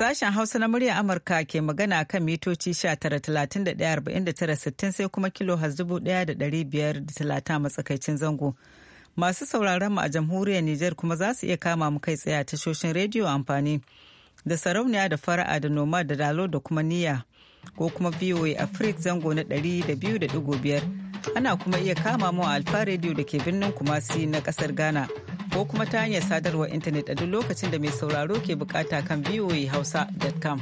Sashen Hausa na murya Amurka ke magana kan mitoci 19,31,49,60 sai kuma kilo talata matsakaicin zango. Masu sauraron mu a jamhuriyar Nijar kuma za su iya kama mu kai tsaya tashoshin rediyo amfani da sarauniya da fara'a da noma da dalo da kuma niyya ko kuma VOA Africa zango na 200.5 ana kuma iya kama mu a Alfa Radio da ke birnin Kumasi na kasar Ghana ko kuma ta hanyar sadarwar intanet a duk lokacin da mai sauraro ke bukata kan Hausa.com.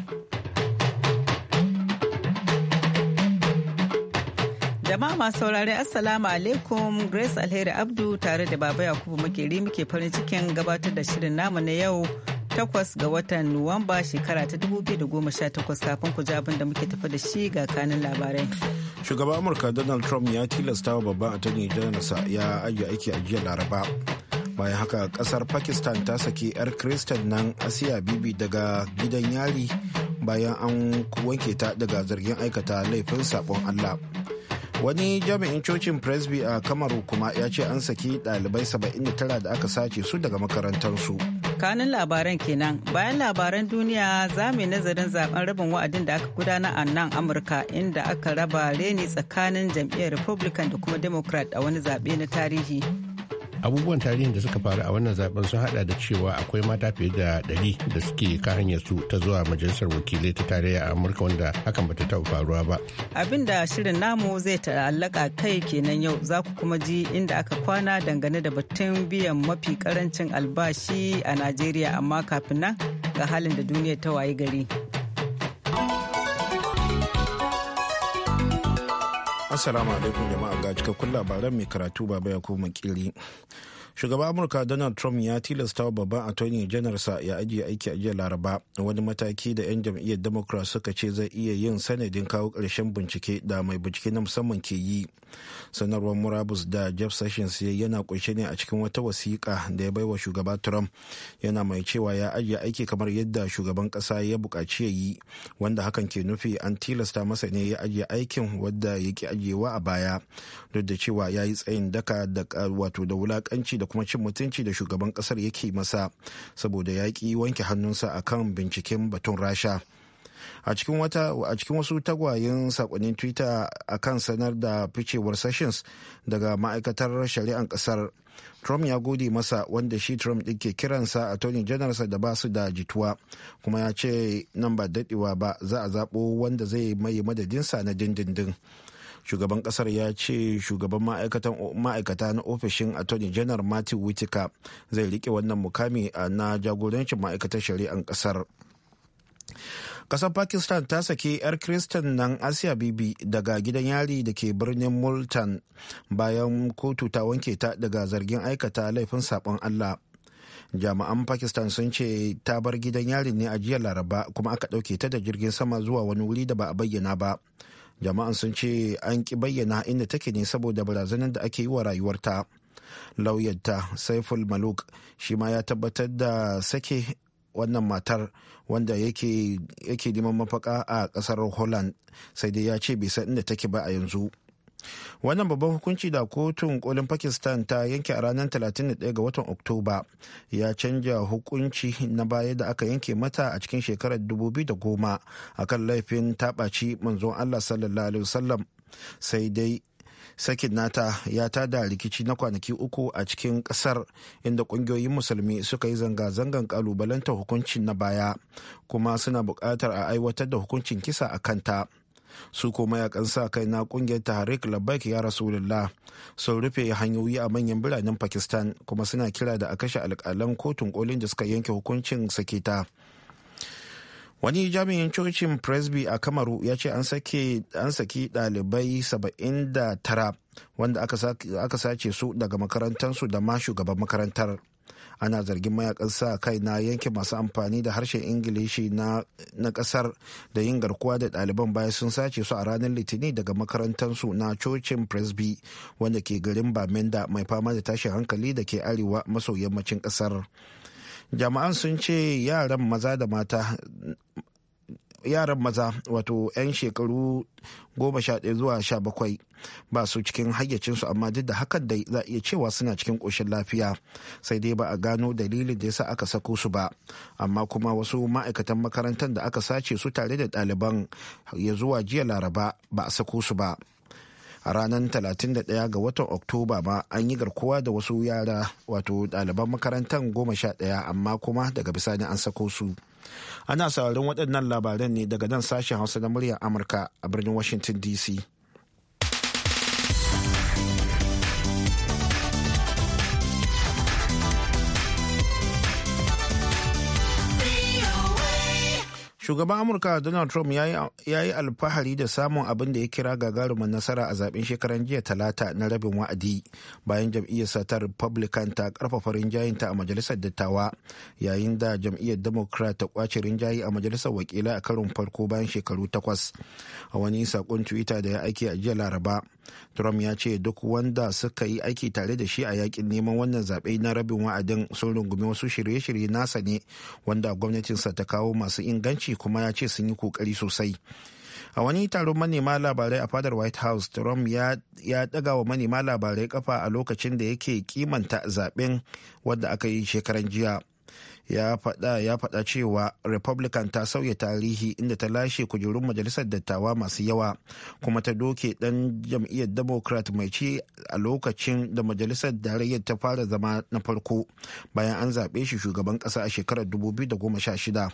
Jama'a masu saurare Assalamu alaikum Grace Alheri Abdu tare da Baba Yakubu Makeri muke farin cikin gabatar da shirin namu na yau takwas ga watan Nuwamba shekara ta goma sha 2018 kafin ku jabin abin da muke tafi da shi ga kanin labarai. Shugaban Amurka Donald Trump ya tilasta wa babban attorney janarsa ya ajiye aiki a jiya Laraba. Bayan haka kasar Pakistan ta saki 'yar Kristen nan Asiya Bibi daga gidan yari bayan an wanke ta daga zargin aikata laifin sabon Allah. wani jami'in cocin presby a kamaru kuma ya ce an saki dalibai 79 da aka sace su daga makarantarsu tsakanin labaran kenan bayan labaran duniya za mu yi nazarin zaben rabin wa'adin da aka gudana a nan amurka inda aka raba reni tsakanin jam'iyyar republican da kuma democrat a wani zaɓe na tarihi abubuwan tarihin da suka faru a wannan zaben sun hada da cewa akwai mata fiye da ɗari da suke ka hanyar su ta zuwa majalisar wakilai ta tarayya a amurka wanda hakan bata taɓa faruwa ba abin da shirin namu zai ta'allaka kai kenan yau za ku kuma ji inda aka kwana dangane da batun biyan mafi karancin albashi a najeriya amma kafin nan ga halin da duniya ta wayi gari Assalamu alaikum jama'a ga cikakkun labaran mai karatu baba ya koma kiri. shugaban amurka donald trump ya tilasta wa babban attorney sa ya ajiye aiki a jiya laraba wani mataki da 'yan jam'iyyar democrat suka ce zai iya yin sanadin kawo karshen bincike da mai bincike na musamman ke yi sanarwar murabus da jeff sessions ya yana kunshe ne a cikin wata wasiƙa da ya baiwa shugaba trump yana mai cewa ya ajiye aiki kamar yadda shugaban ƙasa ya buƙaci ya yi wanda hakan ke nufi an tilasta masa ne ya ajiye aikin wadda ya ki ajiyewa a baya duk da cewa ya yi tsayin daka da wato da wulakanci da kuma cin mutunci da shugaban kasar yake masa saboda ya ki wanke hannunsa a kan binciken batun rasha a cikin wata a cikin wasu tagwayen sakonnin twitter a kan sanar da ficewar sessions daga ma'aikatar shari'an kasar trump ya gode masa wanda shi trump din ke kiransa a tony sa da ba su da jituwa kuma ya ce nan ba daɗewa ba za a zaɓo wanda zai mai madadinsa na dindindin shugaban kasar ya ce shugaban ma'aikata na ofishin attorney general martin whitaker zai rike wannan mukami na jagorancin ma'aikatar shari'ar kasar kasar pakistan ta sake 'yar kristan nan asiya bibi daga gidan yari da ke birnin multan bayan kotu ta wanke ta daga zargin aikata laifin sabon allah jami'an pakistan sun ce ta bar gidan yari ne a jiya laraba kuma aka ɗauke ta da jirgin sama zuwa wani wuri da ba a bayyana ba jama'an sun ce an ki bayyana inda take ne saboda barazanar da ake yi wa rayuwarta lauyarta saiful maluk shi ma ya tabbatar da sake wannan matar wanda yake neman mafaka a kasar holland sai dai ya ce bai san inda take ba a yanzu wannan babban hukunci da kotun kolin pakistan ta yanke a ranar 31 ga watan oktoba ya canja hukunci na baya da aka yanke mata a cikin shekarar 2010 akan laifin taɓaci manzon allah sallallahu alaihi wasallam sai dai sakin nata ya tada rikici na kwanaki uku a cikin kasar inda kungiyoyin musulmi suka yi zanga-zangan kalubalanta hukuncin na baya kuma suna buƙatar a aiwatar da hukuncin kisa a kanta su ko mayakan sa kai na kungiyar tahrik labbaik ya rasulullah sun rufe hanyoyi a manyan biranen pakistan kuma suna kira da a kashe alkalan kotun kolin da suka yanke hukuncin sakita wani jami'in cocin presby a kamaru ya ce an saki ɗalibai 79 wanda aka sace su daga makarantarsu da ma shugaban makarantar ana zargin mayakan sa kai na yanke masu amfani da harshen ingilishi na kasar da yin garkuwa da ɗaliban bayan sun sace su a ranar litinin daga makarantarsu na cocin presby wanda ke garin bamenda mai fama da tashin hankali da ke arewa maso yammacin kasar jama'an sun ce yaran maza da mata yaran maza wato 'yan shekaru goma sha ɗaya zuwa sha bakwai ba su cikin hayyacinsu amma duk da hakan dai za iya cewa suna cikin ƙoshin lafiya sai dai ba a gano dalilin da ya sa aka sako su ba amma kuma wasu ma'aikatan makarantar da aka sace su tare da ɗaliban ya zuwa jiya laraba ba a sako su ba. a ranar 31 ga watan oktoba ma an yi garkuwa da wasu yara wato ɗaliban makarantar goma sha ɗaya amma kuma daga bisani an sako su ana sauraron waɗannan labaran ne daga nan sashen hausa na muryar amurka a birnin washington dc shugaban amurka donald trump ya yi alfahari da samun abin da ya kira gagarumin nasara a zaben shekaran jiya talata na rabin wa'adi bayan jam'iyyarsa ta republican ta karfafa rinjayinta a majalisar dattawa yayin da jam'iyyar democrat ta kwace rinjaye a majalisar wakilai a karon farko bayan shekaru takwas a wani sakon twitter da ya aiki a jiya laraba Trump ya ce duk wanda suka yi aiki tare da shi a yakin neman wannan zaɓe na rabin wa'adin sun rungumi wasu shirye-shirye nasa ne wanda gwamnatinsa ta kawo masu inganci kuma ya ce sun yi kokari sosai. A wani taron manema labarai a fadar White House, Trump ya, ya wa manema labarai kafa a lokacin da yake kimanta zaben wadda aka yi shekaran jiya. ya faɗa ya faɗa cewa republican ta sauya tarihi inda ta lashe kujerun majalisar dattawa masu yawa kuma ta doke ɗan jam'iyyar democrat mai ci a lokacin da majalisar darayyar ta fara zama na farko bayan an zaɓe shi shugaban ƙasa a shekarar 2016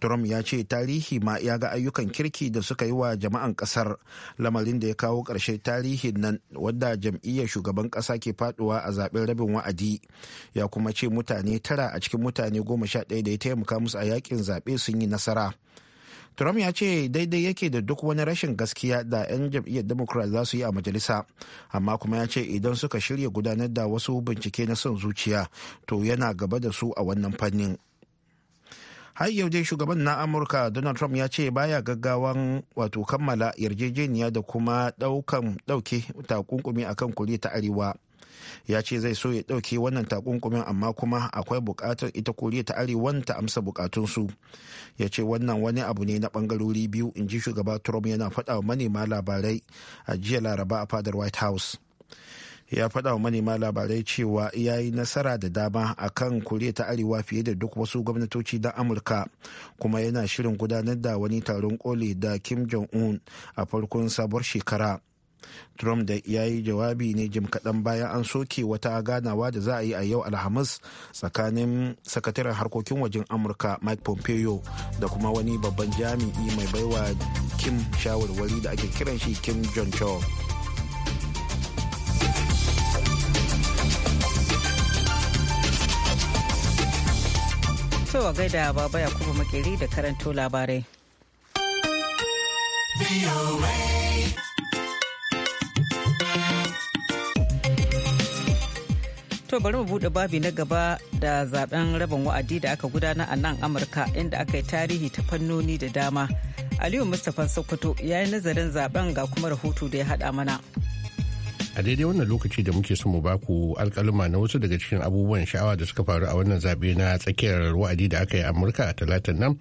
trump ya ce tarihi ma ya ga ayyukan kirki da suka yi wa jama'an ƙasar lamarin da ya kawo ƙarshe tarihin nan wadda jam'iyyar shugaban ƙasa ke faɗuwa a zaɓen rabin wa'adi ya kuma ce mutane tara a cikin mutane mutane goma sha ɗaya da ya taimaka musu a yakin zaɓe sun yi nasara trump ya ce daidai yake da duk wani rashin gaskiya da 'yan jam'iyyar democrat za su yi a majalisa amma kuma ya ce idan suka shirya gudanar da wasu bincike na son zuciya to yana gaba da su a wannan fannin har yau dai shugaban na amurka donald trump ya ce baya gaggawan wato kammala yarjejeniya da kuma daukan dauke takunkumi akan kuri ta arewa ya ce zai so ya ɗauke wannan takunkumin amma kuma akwai buƙatar ita koriya ta arewan ta amsa buƙatunsu ya ce wannan wani abu ne na ɓangarori biyu in ji shugaba trump yana faɗa wa manema labarai a jiya laraba a fadar white house ya faɗa wa manema labarai cewa ya yi nasara da dama a kan koriya ta arewa fiye da duk wasu gwamnatoci na amurka kuma yana shirin gudanar da wani taron koli da kim jong-un a farkon sabuwar shekara trump da ya yi jawabi ne jim kaɗan bayan an soke wata ganawa da za a yi a yau alhamis tsakanin sakataren harkokin wajen amurka mike pompeo da kuma wani babban jami'i mai baiwa kim shawarwari da ake kiran shi kim john cho Cewa gaida baba ya kuma makeri da karanto labarai. To bari mu bude babi na gaba da zaben rabin wa'adi da aka gudana a nan Amurka inda aka yi tarihi ta fannoni da dama. Aliyu Mustapha Sokoto ya yi nazarin zaben ga kuma rahoto da ya haɗa mana. A daidai wannan lokaci da muke son mu baku alkaluma na wasu daga cikin abubuwan sha'awa da suka faru a wannan zabe na tsakiyar wa'adi da aka yi a Amurka a talatin nan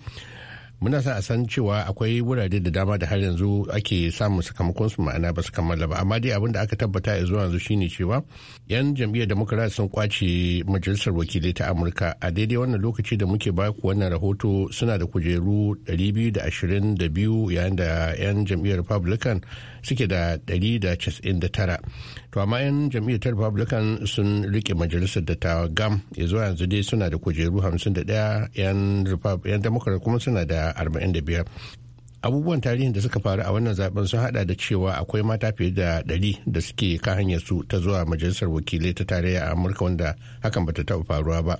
muna sa a san cewa akwai wurare da dama da har yanzu ake samun sakamakon su ma'ana ba su kammala ba amma dai abin da aka tabbata a zuwa yanzu shine cewa yan jam'iyyar democrat sun kwace majalisar wakilai ta amurka a daidai wannan lokaci da muke baku wannan rahoto suna da kujeru 222 yayin da yan jam'iyyar republican suke da 199 to amma yan jam'iyyar ta republican sun rike majalisar da ta gam ya zuwa yanzu dai suna da kujeru 51 yan democrat kuma suna da 45 abubuwan tarihin da suka faru a wannan zaben sun hada da cewa akwai mata fiye da ɗari da suke ka hanyar su ta zuwa majalisar wakilai ta tarayya a amurka wanda hakan bata taba faruwa ba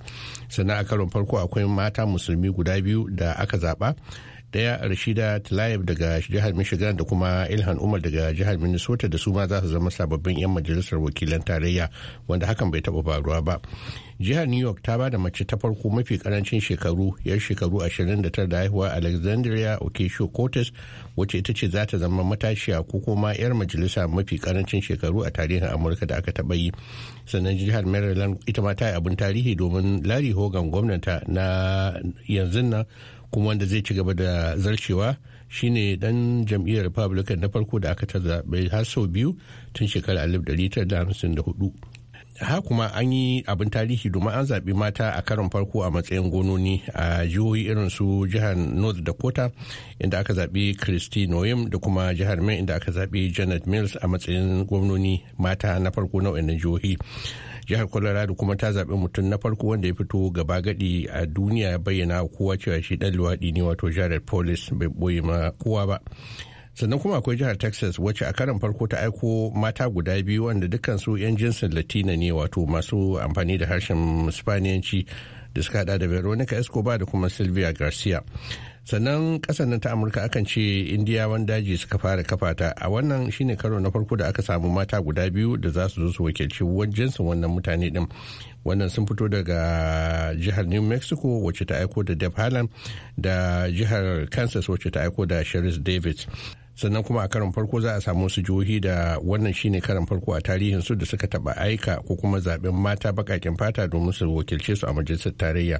sannan a karon farko akwai mata musulmi guda biyu da aka zaba. daya rashida tlaib daga jihar michigan da kuma ilhan umar daga jihar minnesota da su ma za su zama sababbin 'yan majalisar wakilan tarayya wanda hakan bai taba faruwa ba jihar new york ta ba da mace ta farko mafi karancin shekaru yar shekaru 29 da haihuwa alexandria ocasio cortez wacce ita ce za ta zama matashiya ko kuma yar majalisa mafi karancin shekaru a tarihin amurka da aka taba yi sannan jihar maryland ita ma ta yi abin tarihi domin larry hogan gwamnata na yanzu nan kuma wanda zai ci gaba da zarcewa shine dan jam'iyyar republican na farko da aka ta zaɓe har sau biyu tun shekarar 1954 ha kuma an yi abin tarihi domin an zaɓi mata a karon farko a matsayin gononi a jihohi irin su jihar north dakota inda aka zaɓi christy noyem da kuma jihar mai inda aka zaɓi janet mills a matsayin gwamnoni mata na farko na jihohi jihar colorado kuma ta zaɓi mutum na farko wanda ya fito gaba gadi a duniya ya bayyana kowa cewa shi ɗan luwaɗi ne wato jared polis bai boye ma kowa ba sannan kuma akwai jihar texas wacce a karan farko ta aiko mata guda biyu wanda dukansu 'yan jinsin latina ne wato masu amfani da harshen spaniyanci da suka hada da veronica escobar da kuma sylvia garcia sannan kasan nan ta amurka akan ce indiyawan daji suka fara kafa ta a wannan shine karo na farko da aka samu mata guda biyu da za su zo su wakilci jinsin wannan mutane din wannan sun fito daga jihar new mexico wacce ta aiko da deb da jihar kansas wacce ta aiko da sheriff david sannan kuma a karan farko za a samu su jihohi da wannan shine karin farko a tarihin su da suka taba aika ko kuma zaben mata bakakin fata domin su wakilce su a majalisar tarayya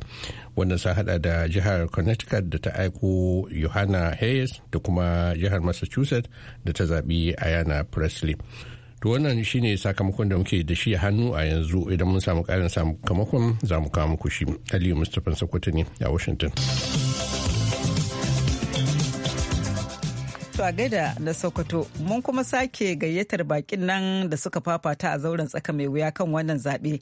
wannan sun hada da jihar connecticut da ta aiko yohana hayes da kuma jihar massachusetts da ta zaɓi ayana presley to wannan shine sakamakon da muke da shi hannu a yanzu idan mun samu karin sakamakon za mu kawo muku shi aliyu mustapha sokoto ne a washington To a gaida na Sokoto mun kuma sake gayyatar bakin nan da suka fafata a zauren tsaka mai wuya kan wannan zaɓe.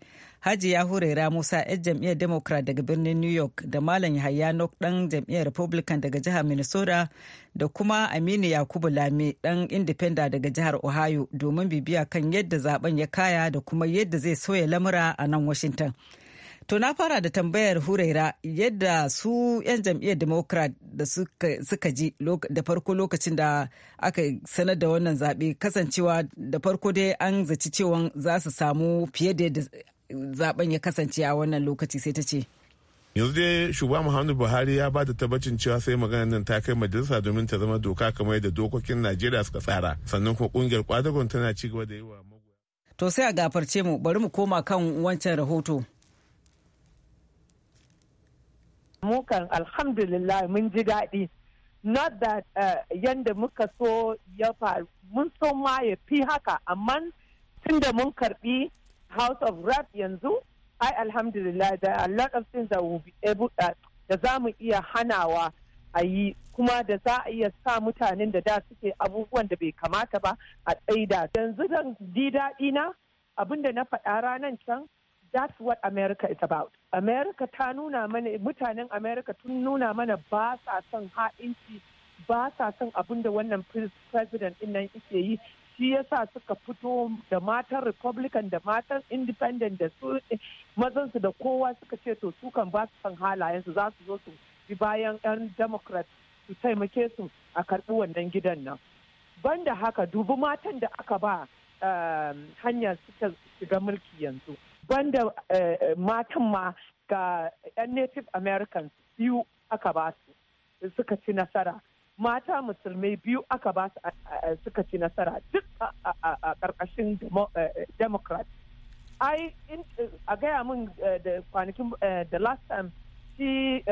ya hurera Musa 'yan jam'iyyar Democrat daga birnin New York da Malam Yahaya Nok ɗan jam'iyyar Republican daga jihar Minnesota da kuma Aminu Yakubu Lame ɗan Independent daga jihar Ohio domin bibiya kan yadda zaben ya kaya da kuma yadda zai soya lamura a nan Washington. To na fara da tambayar Huraira yadda su 'yan jam'iyyar Democrat da suka ji da farko lokacin da aka sanar da wannan zaɓe kasancewa da farko dai an zaci cewa za su samu fiye da yadda zaben ya kasance a wannan lokaci sai ta ce. yanzu dai shugaba muhammadu buhari ya ba da tabbacin cewa sai maganar nan ta kai majalisa domin ta zama doka kamar yadda dokokin najeriya suka tsara sannan kuma kungiyar kwadagon tana ci gaba da yi wa to sai a gafarce mu bari mu koma kan wancan rahoto mukan alhamdulillah mun ji daɗi not that uh, yanda muka so ya faru mun so ma ya fi haka amma tun da mun karbi house of rap yanzu ai alhamdulillah da a lot of things that will be able uh, da za mu iya hanawa a yi kuma da za a iya sa mutanen da da suke abubuwan da bai kamata ba a tsaida yanzu zan ji daɗi na abinda na faɗa ranar can That's what America is about. America ta nuna mana mutanen America tun nuna mana ba sa son ha'inci ba sa son abin da wannan president din nan yake yi shi yasa suka fito da matan republican da matan independent da su eh, mazansu da kowa suka ce to su kan ba su son su za su zo su bi bayan 'yan democrat su taimake su a karbi wannan gidan nan banda haka dubi matan da aka ba eh, hanyar suka shiga mulki yanzu banda eh, matan ma ga 'yan native americans biyu aka ba su suka ci nasara mata musulmai biyu aka ba su eh, suka ci nasara duk a ƙarƙashin eh, democrat ai a gaya min da kwanakin da last time shi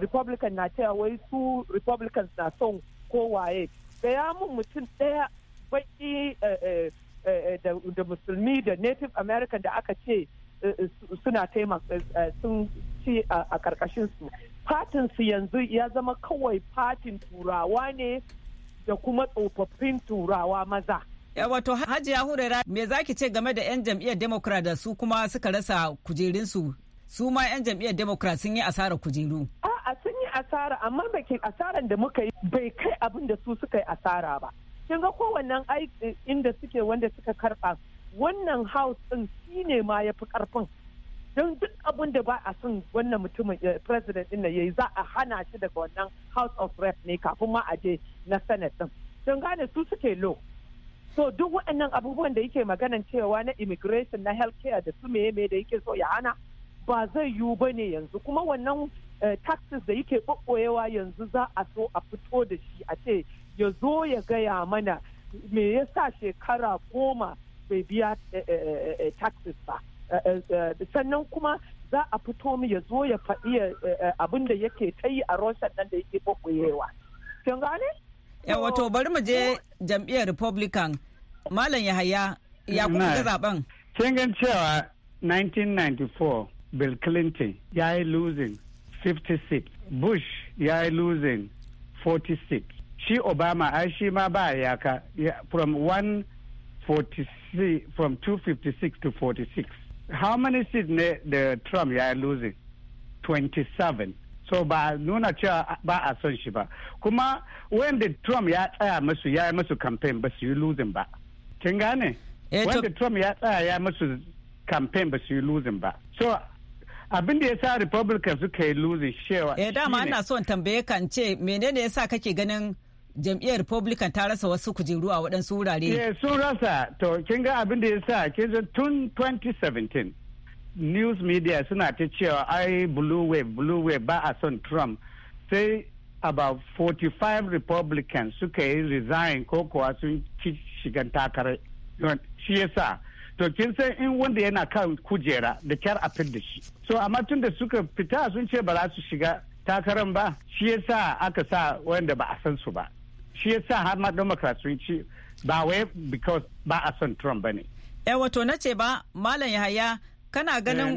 republican na cewa wai su republicans na son kowaye gaya mun mutum daya baki da musulmi da native american da aka ce suna taimaka eh, sun ci a karkashin su su yanzu ya zama kawai fatin turawa ne da kuma tsofaffin turawa maza wato ya hurera me za ki ce game da 'yan jam'iyyar democrat da su kuma suka rasa kujerinsu su ma 'yan jam'iyyar democrat sun yi asarar kujeru a'a sun yi asara amma bakin asaran da muka yi bai kai abin da su suka yi asara ba kin ga kowannen inda suke wanda suka karba wannan house ɗin shi ne ma ya fi karfin don duk abin da ba a son wannan mutumin eh, president din yayi za a hana shi daga wannan house of rep ne kafin ma a je na senate din don gane su suke low so duk waɗannan abubuwan da yake maganan cewa na immigration na health healthcare da su meye da yake so ya hana ba zai yiwu ba ne yanzu kuma wannan eh, taxes da yake ɓoɓɓoyewa yanzu za a so a fito da shi a ce ya zo ya gaya mana me yasa shekara goma bai biya eh, eh, eh, taxes ba sannan kuma za a fito mu ya zo ya faɗi abin da yake ta yi a Rosa nan da yake ɓoɓɓoyewa. Kin gane? wato bari mu je jam'iyyar Republican. Malam Yahaya ya kuma ga zaben. Kin gan cewa 1994 Bill Clinton ya yi losing 56, Bush ya yi losing 46. Shi Obama ai shi ma ba yaka from 146 see from 256 to 46. How many seats the Trump ya losing? 27. So ba nuna cewa ba a son shi ba. Kuma wanda Trump ya tsaya masu ya yi campaign ba su yi losing ba. Kin gane? the Trump ya tsaya ya masu campaign ba su yi losing ba. So abin da ya sa Republicans suka yi losing shewa. Eh dama ana son tambaye kan ce menene yasa kake ganin jam'iyyar republican ta rasa wasu kujeru a waɗansu wurare eh sun rasa to kin ga abin da ya sa kin tun 2017 news media suna ta cewa ai blue wave blue wave ba a son trump sai about 45 republicans suka yi resign ko kuwa sun ci shigan takarar shi ya sa to kin san in wanda yana kan kujera da kyar a da shi so amma tun da suka fita sun ce ba za su shiga takarar ba shi ya sa aka sa wanda ba a san su ba shi ya sa har ma democrats sun ci ba wai because ba a son trump ba ne eh, wato na ce ba malam yahaya kana ganin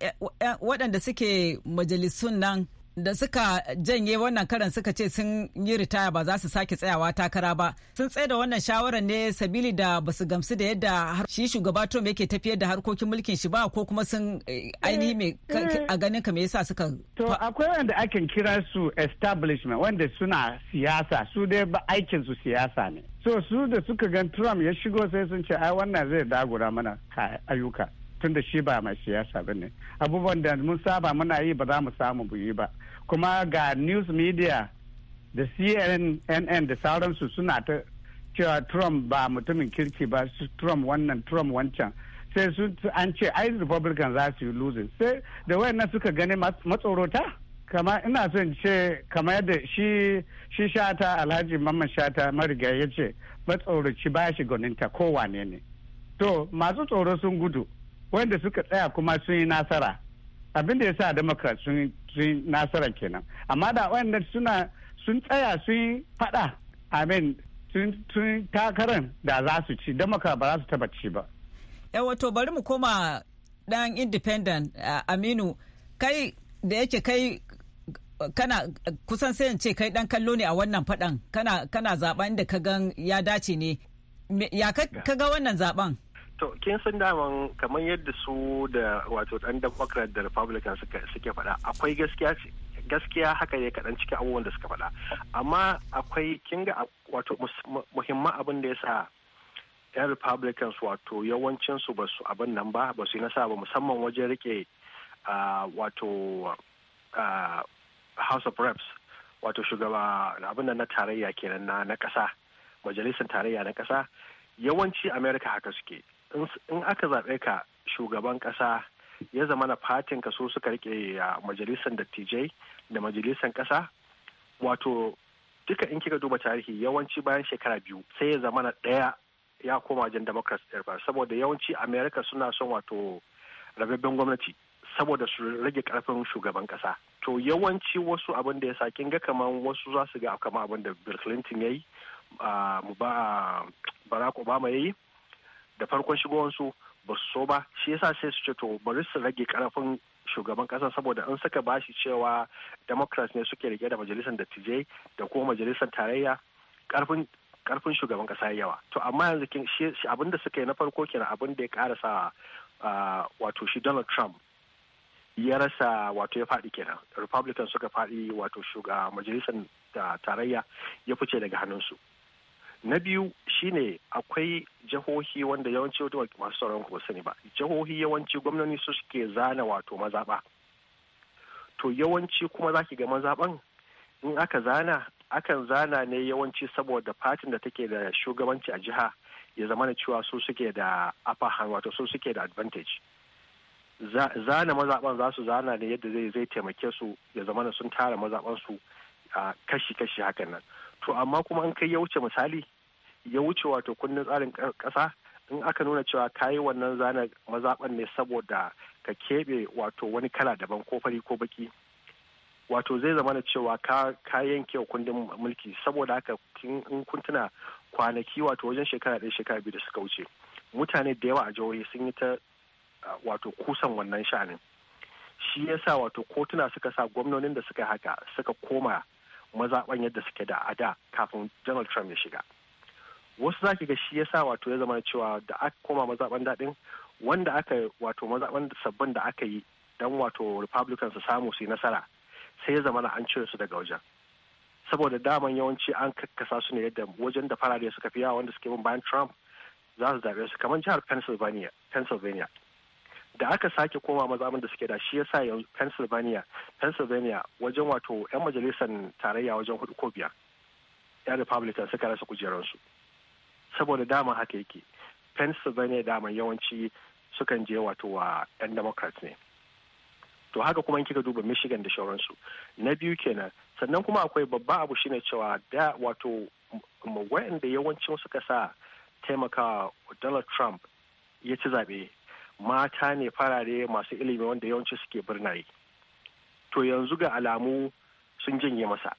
eh, eh, waɗanda suke majalisun nan da suka janye wannan karan suka ce sun yi ritaya ba za su sake tsayawa takara ba sun tsaye da wannan shawarar ne sabili da ba su gamsu da yadda shi shugaba Trump yake tafiyar da harkokin mulkin shi ba ko kuma sun eh, ainihi me eh, eh. a ganin ka me yasa suka to akwai wanda ake kira su establishment wanda suna siyasa su dai ba aikin su siyasa ne so su da suka gan Trump ya shigo sai sun ce ai wannan zai dagura mana ayyuka tun da shi ba mai siyasa ba ne abubuwan da mun saba muna yi ba za mu samu buyi ba kuma ga news media da cnn da sauransu suna ta cewa trump ba mutumin kirki ba trump wannan trump wancan sai su an ce ai republican za su yi losing sai da wayannan suka gani matsorota kama ina son ce kama yadda shi shata alhaji mamman shata mariga ya ce matsoroci ba shi gwaninta kowane ne to masu tsoro sun gudu wanda suka tsaya kuma sun yi nasara abin da ya sa democrat sun yi nasara kenan amma da wanda suna sun tsaya sun yi fada amin sun takarar da za su ci democrat ba za su taba ci ba wato bari mu koma dan independent aminu kai da yake kai kana kusan sai ce kai dan kallo ne a wannan fadan kana kana zaben da ka gan ya dace ne ya ka ga wannan zaben To, kin san daman kamar yadda su da wato ɗan Democrat da Republican suke faɗa akwai gaskiya gaskiya haka ne kaɗan cikin abubuwan da suka faɗa amma akwai kin ga wato muhimman abin da ya sa 'yan republicans wato yawancinsu ba su abin nan ba ba su yi nasa ba musamman wajen rike wato house of reps wato shugaba abin nan na tarayya kenan na kasa majalisar tarayya na kasa yawanci america haka suke in aka zaɓe ka shugaban ƙasa ya zama na fatin ka so suka rike a majalisar dattijai da majalisar ƙasa wato duka in kika duba tarihi yawanci bayan shekara biyu sai ya zama na ɗaya ya koma wajen democrats ɗaya saboda yawanci america suna son wato rababben gwamnati saboda su rage karfin shugaban ƙasa. to yawanci wasu abin da ya sa kin ga kaman wasu za su ga kamar abin da bill clinton ya yi barack obama ya yi da farkon shigowansu ba su so ba shi yasa sai su ce to bari su rage karfin shugaban kasa saboda an saka bashi cewa democrats ne suke rike da majalisar dattijai da kuma majalisar tarayya karfin karfin shugaban kasa yawa to amma yanzu abin da suka yi na farko kenan abin da ya karasa ah, wato shi donald trump ya rasa wato ya faɗi kenan republican suka faɗi wato shuga majalisar ah, tarayya ya fice daga hannunsu na biyu shine akwai jihohi wanda yawanci wato masu sauran ku sani ba jihohi yawanci gwamnoni su suke zana wato mazaɓa to yawanci kuma za ki ga mazaɓan in aka zana akan zana ne yawanci saboda fatin da take da shugabanci a jiha ya zama da cewa su suke da upper hand wato su suke da advantage zana mazaɓan za su zana ne yadda zai zai taimake su ya zama sun tara mazaɓan su kashi-kashi hakan nan to amma kuma in kai ya wuce misali ya wuce wato kundin tsarin kasa in aka nuna cewa ka yi wannan zana mazaɓan ne saboda ka keɓe wato wani kala daban ko fari ko baki wato zai zama cewa ka yanke wa kundin mulki saboda haka in kun tuna kwanaki wato wajen shekara ɗaya shekara biyu da suka wuce mutane da yawa a jihohi sun yi ta wato kusan wannan sha'anin shi yasa wato kotuna suka sa gwamnonin da suka haka suka koma mazaɓan yadda suke da a da kafin donald trump ya shiga wasu za ki ga shi yasa wato ya zama cewa da aka koma mazaɓan daɗin wanda aka wato mazaɓan sabbin da aka yi don wato republican su samu su yi nasara sai ya zama na an cire su daga wajen saboda daman yawanci an kakkasa su ne yadda wajen da farare suka fi yawa wanda suke bin bayan trump za su zaɓe su kamar jihar pennsylvania pennsylvania da aka sake koma mazamin da suke da shi yasa yanzu pennsylvania pennsylvania wajen wato 'yan majalisar tarayya wajen hudu ko biyar 'yan republican suka rasa kujerarsu. su saboda dama haka yake pennsylvania dama yawanci sukan je wato wa 'yan democrats ne to haka kuma kika duba michigan da shauransu na biyu kenan sannan kuma akwai babba abu shine cewa da wato yawanci yawancin suka sa taimaka donald trump ya ci zaɓe mata ne farare masu ilimi wanda yawanci suke birnaye to yanzu ga alamu sun janye masa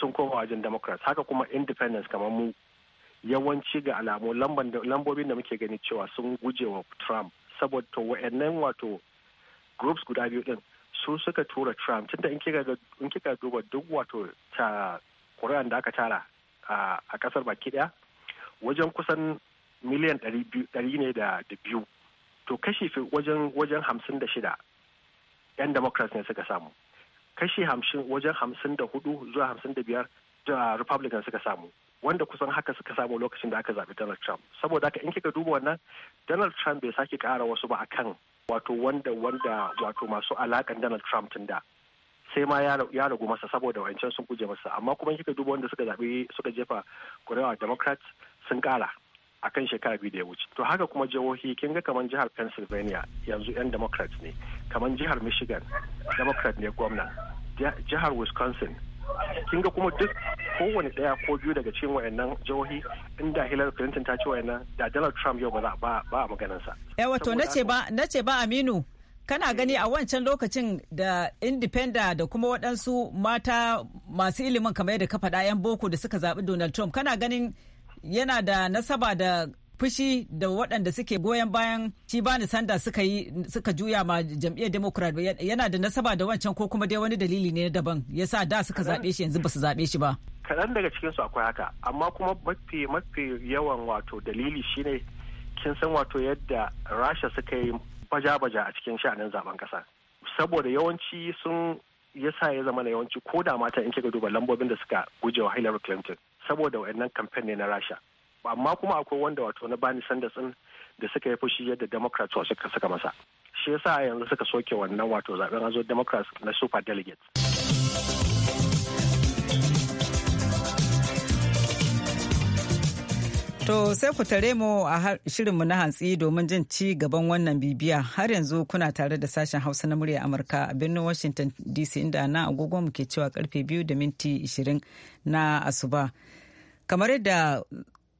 sun koma wajen democrats haka kuma independence kamar mu yawanci ga alamu lambobin da muke gani cewa sun guje wa trump saboda wa'annan wato groups guda biyu din su suka tura trump tunda in kika duba duk wato ta kuri'an da aka tara a kasar baki daya wajen kusan miliyan ɗari ne da biyu to kashi wajen wajen hamsin da shida yan democrats ne suka samu kashi wajen hamsin da hudu zuwa hamsin da biyar da republican suka samu wanda kusan haka suka samu lokacin da aka zaɓi donald trump saboda haka in kika duba wannan donald trump bai sake ƙara wasu ba akan wato wanda wanda wato masu alakan donald trump tun da sai ma ya ragu masa saboda wancan sun kuje masa amma kuma kika duba wanda suka zaɓi suka jefa kuri'a Democrats sun ƙara akan shekara biyu da ya wuce to haka kuma jihohi kin ga kamar jihar pennsylvania yanzu yan democrats ne kamar jihar michigan democrat ne gwamna jihar wisconsin kin ga kuma duk kowane daya ko biyu daga cikin wayannan jihohi inda Hillary Clinton ta ci wayannan da Donald Trump yau ba za ba ba sa Eh wato nace ba nace ba Aminu kana gani a wancan lokacin da independent da kuma waɗansu mata masu ilimin kamar yadda ka faɗa 'yan boko da suka zaɓi donald trump kana ganin yana da nasaba da fushi da waɗanda suke goyon bayan shi bani sanda suka yi suka juya ma jam'iyyar democrat yana da nasaba da wancan ko kuma dai wani dalili ne daban yasa da suka zaɓe shi yanzu ba su zaɓe shi ba kaɗan daga cikin su akwai haka amma kuma mafi mafi yawan wato dalili shine kin san wato yadda rasha suka yi baja-baja a cikin sha'anin zaben ƙasa saboda yawanci sun yasa ya zama na yawanci ko da mata in kika duba lambobin da suka gujewa hillary clinton saboda wa'annan kamfen ne na rasha amma kuma akwai wanda wato na bani sanders din da suka yi fushi yadda democrats suka saka masa shi yasa yanzu suka soke wannan wato zaben azo democrats na super delegates To sai ku tare mu a mu na hantsi domin jin ci gaban wannan bibiya har yanzu kuna tare da sashen hausa na murya Amurka a birnin Washington DC inda na agogo mu ke cewa karfe biyu da minti 20 na asuba. Kamar yadda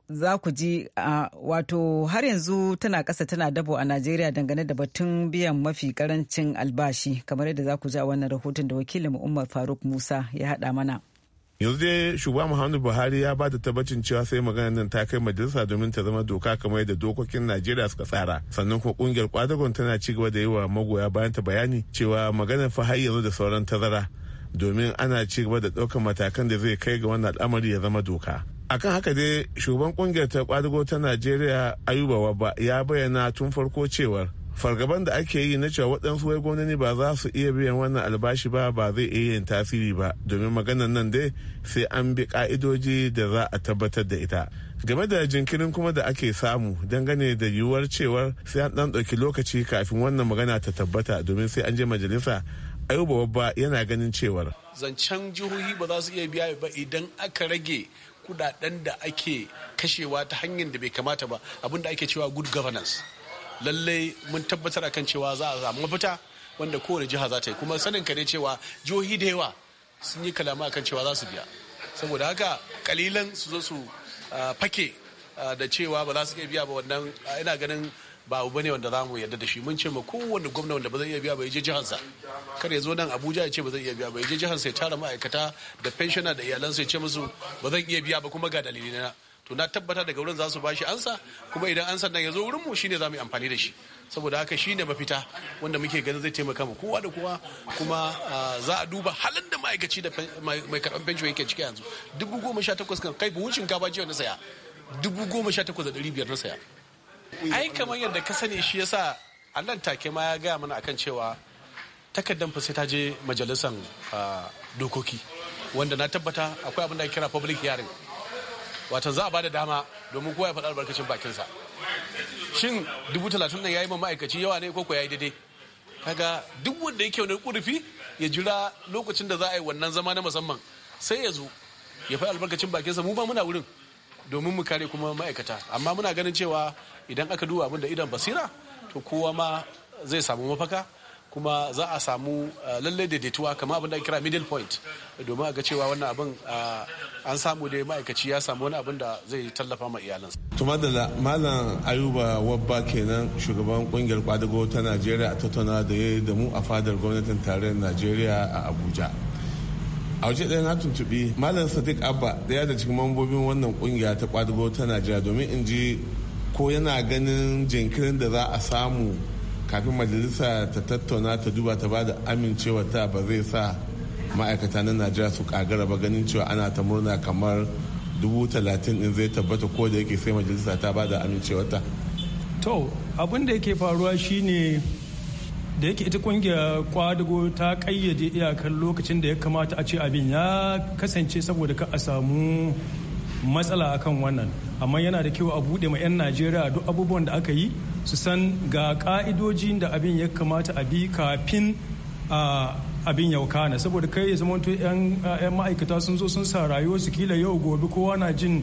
za ku ji uh, wato har yanzu tana kasa tana dabo a najeriya dangane da batun biyan mafi karancin albashi kamar yadda za ku ji a wannan rahoton da wakilin umar faruk musa ya haɗa mana yanzu dai shugaba muhammadu buhari ya ba da tabbacin cewa sai magana nan ta kai majalisa domin ta zama doka kamar yadda dokokin najeriya suka tsara sannan kuma kungiyar kwadagon tana ci gaba da yi wa magoya bayan ta bayani cewa maganar fa har yanzu da sauran tazara domin ana ci gaba da ɗaukar matakan da zai kai ga wannan al'amari ya zama doka akan haka dai shugaban kungiyar ta kwadago ta najeriya ayuba wabba ya bayyana tun farko cewar fargaban da ake yi na cewa waɗansu wai gwamnati ba za su iya biyan wannan albashi ba ba zai iya yin tasiri ba domin maganar nan dai sai an bi ka'idoji da za a tabbatar da ita game da jinkirin kuma da ake samu dangane da yiwuwar cewar sai an ɗan ɗauki lokaci kafin wannan magana ta tabbata domin sai an je majalisa ayuba babba yana ganin cewar zancen jihohi ba za su iya biya ba idan aka rage kudaden da ake kashewa ta hanyar da bai kamata ba abin da ake cewa good governance lallai mun tabbatar akan cewa za a samu mafita wanda kowane jiha za ta yi kuma sanin ka ne cewa jihohi da yawa sun yi kalama akan cewa za su biya saboda haka kalilan su zo su ah, fake ah, da cewa ba za su iya biya ba wannan ah, ina ganin ba abu bane wanda zamu yarda da shi mun ce ma kowanne gwamna wanda ba zai iya biya ba ya je jihansa kar ya zo nan Abuja ya ce ba zai iya biya ba ya je jihansa ya tara ma'aikata da pensiona da iyalansa ya ce musu ba zan iya biya ba kuma ga dalilina to na tabbata daga wurin za su ba shi ansa kuma idan ansa nan ya zo wurin mu shine za mu yi amfani da shi saboda haka shine mafita wanda muke ganin zai taimaka mu kowa da kowa kuma ah, za a duba halin da ma'aikaci da mai karɓar fenshi yake ciki yanzu dubu goma sha takwas kan kai buhun shinkafa jiya na saya dubu goma sha takwas da ɗari biyar na saya ai kamar yadda ka sani shi yasa allah take ma ya gaya mana akan cewa takardar fa sai ta je majalisar dokoki wanda na tabbata akwai abin da kira public hearing wato za a bada dama domin kowa ya faɗa albarkacin bakinsa shin dubu talatin nan ya yi ma ma'aikaci yawa ne koko ya daidai kaga duk wanda yake wani kurfi ya jira lokacin da za a yi wannan zama na musamman sai ya zo ya faɗi albarkacin sa mu ba muna wurin domin mu kare kuma ma'aikata amma muna ganin cewa idan aka duba abin da idan basira to kowa ma zai samu mafaka kuma za a samu eh, lallai daidaituwa kamar abin da kira middle point domin a ga cewa wannan abin eh, an samu dai ma'aikaci ya samu wani abin da zai tallafa ma iyalansa. to madalla malam ayuba wabba kenan shugaban kungiyar kwadago ta najeriya a tattauna da ya da mu a fadar gwamnatin tarayyar najeriya a abuja a waje ɗaya na tuntuɓi malam sadiq abba ɗaya da cikin mambobin wannan kungiya ta kwadugo ta najeriya domin in ji ko yana ganin jinkirin da za a samu kafin majalisa ta tattauna ta duba ta ba da amincewa ta ba zai sa ma'aikata na najeriya su kagara ba ganin cewa ana ta murna kamar dubu talatin in zai tabbata ko da yake sai majalisa ta ba da amincewa ta to abin da yake faruwa shine da yake ita kungiyar kwadago ta kayyade iyakar lokacin da ya kamata a ce abin ya kasance saboda ka a samu matsala akan wannan amma yana da kyau a bude ma 'yan najeriya duk abubuwan da aka yi su san ga ka'idoji da abin ya kamata a bi kafin abin yauka na saboda kai ya zama 'yan ma'aikata sun zo sun sa rayuwa su kila yau gobe kowa na jin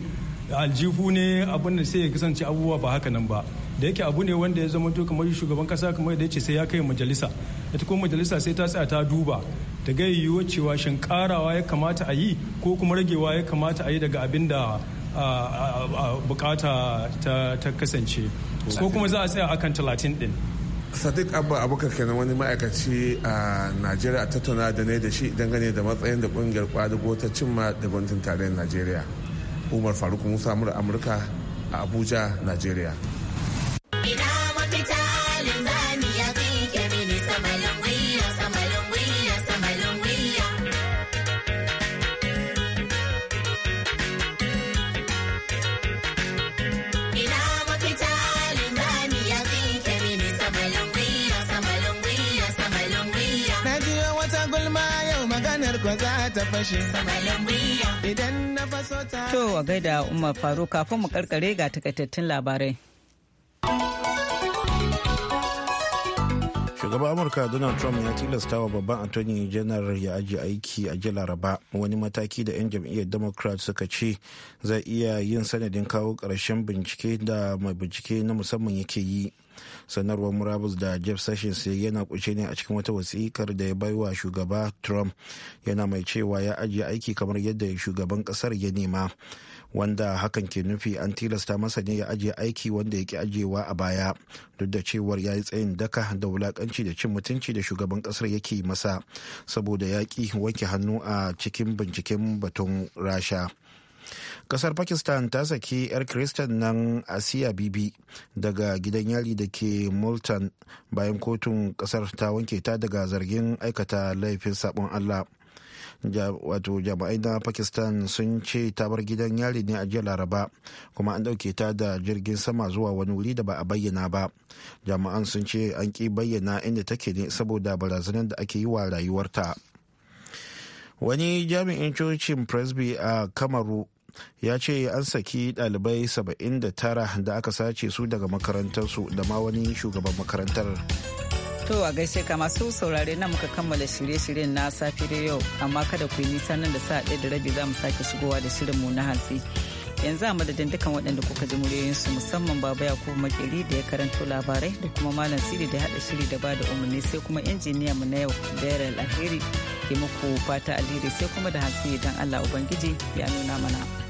aljihu ne abin da sai ya kasance abubuwa ba haka nan ba da yake abu ne wanda ya zama to kamar shugaban kasa kamar da ya ce sai ya kai majalisa ita ko majalisa sai ta tsaya ta duba ta ga yiwuwar cewa shin karawa ya kamata a yi ko kuma ragewa ya kamata a yi daga abin da bukata ta kasance ko kuma za a tsaya akan talatin din sadiq abba abubakar kenan wani ma'aikaci a najeriya tattauna da ne da shi dangane da matsayin da kungiyar kwadugo ta cimma da gwamnatin tarayyar najeriya umar faruk musa mura amurka a abuja najeriya fashe idan na faso ta to a gaida umar faru kafin mu karkare ga takaitattun labarai shugaban amurka donald trump ya tilasta wa babban attorney general ya aji aiki a jiya laraba wani mataki da 'yan jam'iyyar democrat suka ce zai iya yin sanadin kawo ƙarshen bincike da mai bincike na musamman yake yi sanarwar murabus da jeff sessions yana kunshe ne a cikin wata wasikar da ya baiwa shugaba trump yana mai cewa ya ajiye aiki kamar yadda shugaban kasar ya nema wanda hakan ke nufi an tilasta masa ne ya ajiye aiki wanda ya ki ajiyewa a baya duk da cewar ya yi tsayin daka da wulakanci da cin mutunci da shugaban kasar yake masa saboda yaƙi wanke hannu a cikin binciken batun rasha kasar pakistan ta saki 'yar kristan nan asiya bibi daga gidan yari da ke multan bayan kotun kasar ta wanke ta daga zargin aikata laifin sabon allah wato jama'ai na pakistan sun ce ta bar gidan yari ne a jiya laraba kuma an dauke ta da jirgin sama zuwa wani wuri da ba a bayyana ba jama'an sun ce an ki bayyana inda take ne saboda barazanar da ake yi wa rayuwarta wani jami'in cocin presby a kamaru ya ce an saki dalibai 79 da aka sace su daga makarantarsu da ma wani shugaban makarantar. To a gaishe ka masu saurare na muka kammala shirye-shiryen na safiyar yau amma kada ku yi nisa nan da sa ɗaya da rabi za mu sake shigowa da shirinmu na hantsi. yanzu a madadin dukkan waɗanda kuka ji su musamman baba kuma makeri da ya karanto labarai da kuma malam siri da haɗa shiri da ba da umarni sai kuma injiniya mu na yau beryl alheri ke muku fata alheri sai kuma da hasi idan allah ubangiji ya nuna mana.